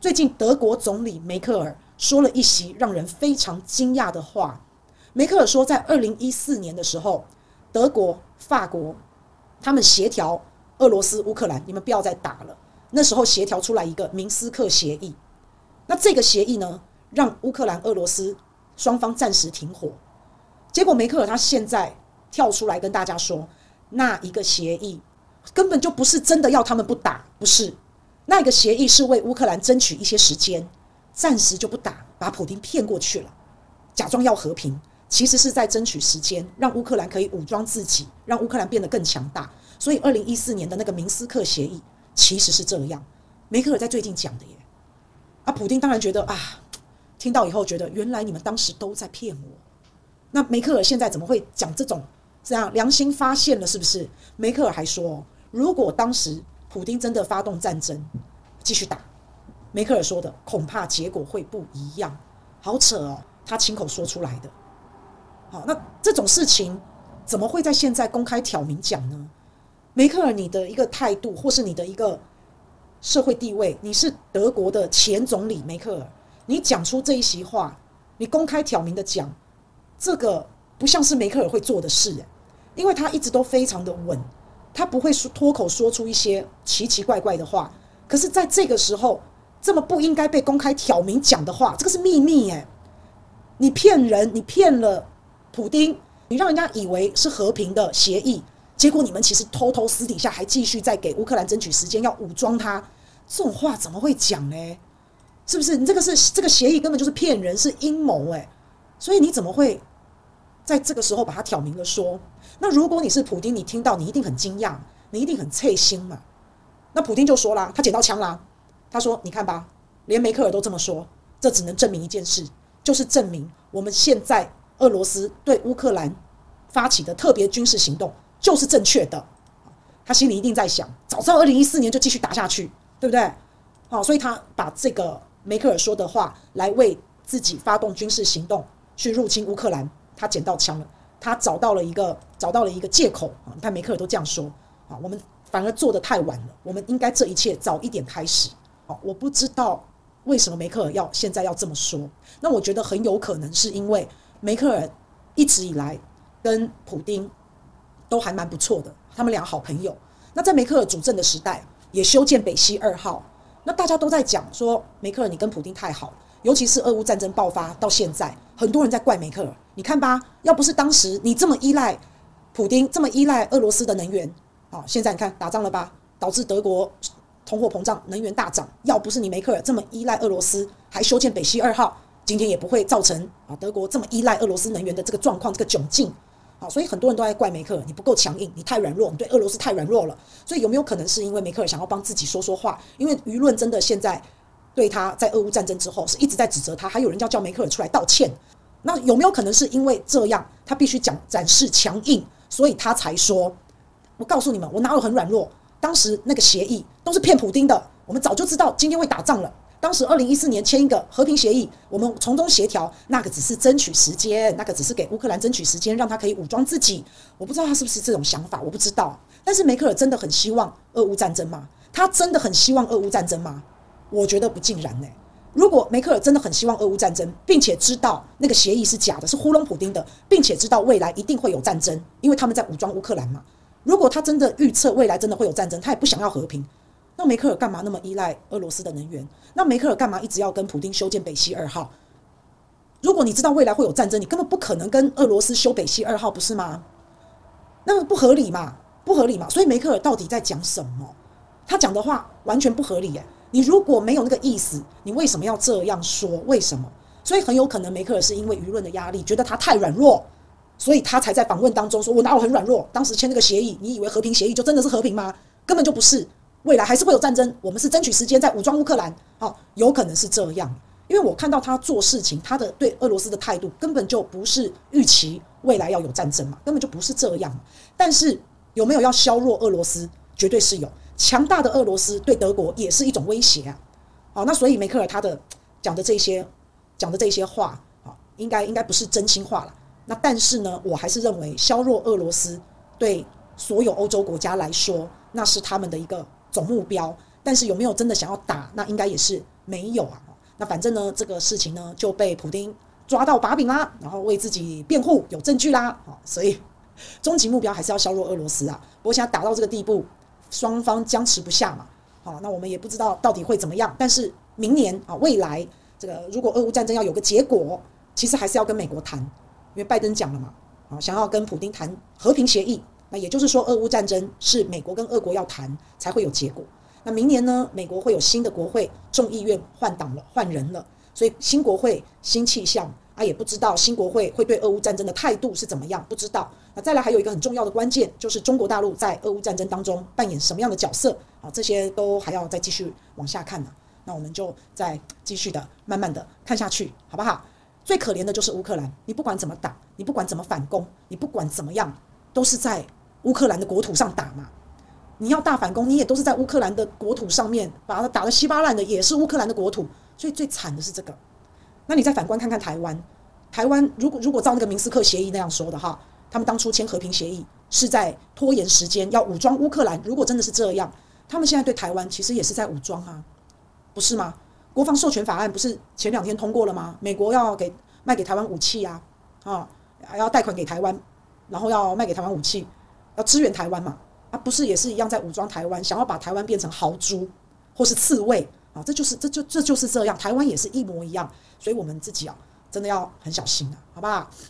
最近，德國總理梅克爾說了一席讓人非常驚訝的話。梅克爾說，在二零一四年的時候，德國、法國他們協調俄羅斯、烏克蘭，你們不要再打了。那時候協調出來一個明斯克協議，那這個協議呢，讓烏克蘭、俄羅斯雙方暫時停火。結果，梅克爾他現在跳出來跟大家說，那一個協議根本就不是真的要他們不打，不是。那個協議是為烏克蘭爭取一些時間，暫時就不打，把普丁騙過去了，假裝要和平，其實是在爭取時間，讓烏克蘭可以武裝自己，讓烏克蘭變得更強大。所以，二零一四年的那個明斯克協議其實是這樣。梅克爾在最近講的耶，啊，普丁當然覺得啊，聽到以後覺得原來你們當時都在騙我。那梅克爾現在怎麼會講這種這樣良心發現了是不是？梅克爾還說，如果當時，普丁真的發動戰爭，繼續打。梅克爾說的，恐怕結果會不一樣。好扯哦，他親口說出來的。好，那這種事情怎麼會在現在公開挑明講呢？梅克爾，你的一個態度，或是你的一個社會地位，你是德國的前總理梅克爾，你講出這一席話，你公開挑明的講，這個不像是梅克爾會做的事，欸，因為他一直都非常的穩。他不會說脫口說出一些奇奇怪怪的話，可是，在這個時候，這麼不應該被公開挑明講的話，這個是秘密誒、欸。你騙人，你騙了普丁，你讓人家以為是和平的協議，結果你們其實偷偷私底下還繼續在給烏克蘭爭取時間，要武裝他，這種話怎麼會講呢？是不是？你這個是這個協議根本就是騙人，是陰謀誒。所以你怎麼會？在這個時候把他挑明了說，那如果你是普丁，你聽到你一定很驚訝，你一定很切心嘛。那普丁就說啦，他撿到槍啦。他說：“你看吧，連梅克爾都這麼說，這只能證明一件事，就是證明我們現在俄羅斯對烏克蘭發起的特別軍事行動就是正確的。”他心裡一定在想，早知道二零一四年就繼續打下去，對不對？好，所以他把這個梅克爾說的話來為自己發動軍事行動去入侵烏克蘭。他撿到槍了，他找到了一個找到了一個借口啊！你看梅克爾都這樣說啊，我們反而做得太晚了，我們應該這一切早一點開始。好，我不知道為什麼梅克爾要現在要這麼說。那我覺得很有可能是因為梅克爾一直以來跟普丁都還蠻不錯的，他們倆好朋友。那在梅克爾主政的時代，也修建北溪二號。那大家都在講說，梅克爾你跟普丁太好了，尤其是俄烏戰爭爆發到現在，很多人在怪梅克爾。你看吧，要不是當時你這麼依賴普丁，這麼依賴俄羅斯的能源，啊，現在你看打仗了吧，導致德國通貨膨脹、能源大漲。要不是你梅克爾這麼依賴俄羅斯，還修建北溪二號，今天也不會造成啊德國這麼依賴俄羅斯能源的這個狀況、這個窘境。啊，所以很多人都在怪梅克爾，你不夠強硬，你太軟弱，你對俄羅斯太軟弱了。所以有沒有可能是因為梅克爾想要幫自己說說話？因為輿論真的現在對他在俄烏戰爭之後是一直在指責他，還有人要叫梅克爾出來道歉。那有沒有可能是因為這樣，他必須講展示強硬，所以他才說：“我告訴你們，我哪有很軟弱？當時那個協議都是騙普丁的，我們早就知道今天會打仗了。當時二零一四年簽一個和平協議，我們從中協調，那個只是爭取時間，那個只是給烏克蘭爭取時間，讓他可以武裝自己。我不知道他是不是這種想法，我不知道。但是梅克爾真的很希望俄烏戰爭嗎？他真的很希望俄烏戰爭嗎？我覺得不盡然誒。”如果梅克爾真的很希望俄烏戰爭，並且知道那個協議是假的，是糊弄普丁的，並且知道未來一定會有戰爭，因為他們在武裝烏克蘭嘛。如果他真的預測未來真的會有戰爭，他也不想要和平。那梅克爾幹嘛那麼依賴俄羅斯的能源？那梅克爾幹嘛一直要跟普丁修建北溪二號？如果你知道未來會有戰爭，你根本不可能跟俄羅斯修北溪二號，不是嗎？那麼不合理嘛？不合理嘛？所以梅克爾到底在講什麼？他講的話完全不合理耶、欸。你如果沒有那個意思，你為什麼要這樣說？為什麼？所以很有可能梅克爾是因為輿論的壓力，覺得他太軟弱，所以他才在訪問當中說：“我哪有很軟弱。”當時簽那個協議，你以為和平協議就真的是和平嗎？根本就不是。未來還是會有戰爭，我們是爭取時間在武裝烏克蘭。好，有可能是這樣，因為我看到他做事情，他的對俄羅斯的態度根本就不是預期未來要有戰爭嘛，根本就不是這樣。但是有沒有要削弱俄羅斯，絕對是有。強大的俄羅斯對德國也是一種威脅啊，啊！好，那所以梅克爾他的講的這些講的這些話啊，應該應該不是真心話了。那但是呢，我還是認為削弱俄羅斯對所有歐洲國家來說，那是他們的一個總目標。但是有沒有真的想要打？那應該也是沒有啊。那反正呢，這個事情呢就被普丁抓到把柄啦，然後為自己辯護有證據啦。好，所以終極目標還是要削弱俄羅斯啊。不過現在打到這個地步。雙方僵持不下嘛，好，那我們也不知道到底會怎麼樣。但是明年啊，未來這個如果俄烏戰爭要有個結果，其實還是要跟美國談，因為拜登講了嘛，啊，想要跟普丁談和平協議。那也就是說，俄烏戰爭是美國跟俄國要談才會有結果。那明年呢，美國會有新的國會，眾議院換黨了，換人了，所以新國會新氣象。啊，也不知道新國會會對俄烏戰爭的態度是怎麼樣，不知道。那再來還有一個很重要的關鍵，就是中國大陸在俄烏戰爭當中扮演什麼樣的角色？啊，這些都還要再繼續往下看了。那我們就再繼續的慢慢的看下去，好不好？最可憐的就是烏克蘭，你不管怎麼打，你不管怎麼反攻，你不管怎麼樣，都是在烏克蘭的國土上打嘛。你要大反攻，你也都是在烏克蘭的國土上面把它打得稀巴爛的，也是烏克蘭的國土。所以最慘的是這個。那你再反觀看看台灣，台灣如果如果照那個明斯克協議那樣說的哈，他們當初簽和平協議是在拖延時間，要武裝烏克蘭。如果真的是這樣，他們現在對台灣其實也是在武裝啊，不是嗎？國防授權法案不是前兩天通過了嗎？美國要給賣給台灣武器呀，啊，啊，還要貸款給台灣，然後要賣給台灣武器，要支援台灣嘛。啊，不是也是一樣在武裝台灣，想要把台灣變成豪豬或是刺蝟？啊，這就是，這就，這就是這樣，台灣也是一模一樣，所以我們自己啊，真的要很小心啊，好不好？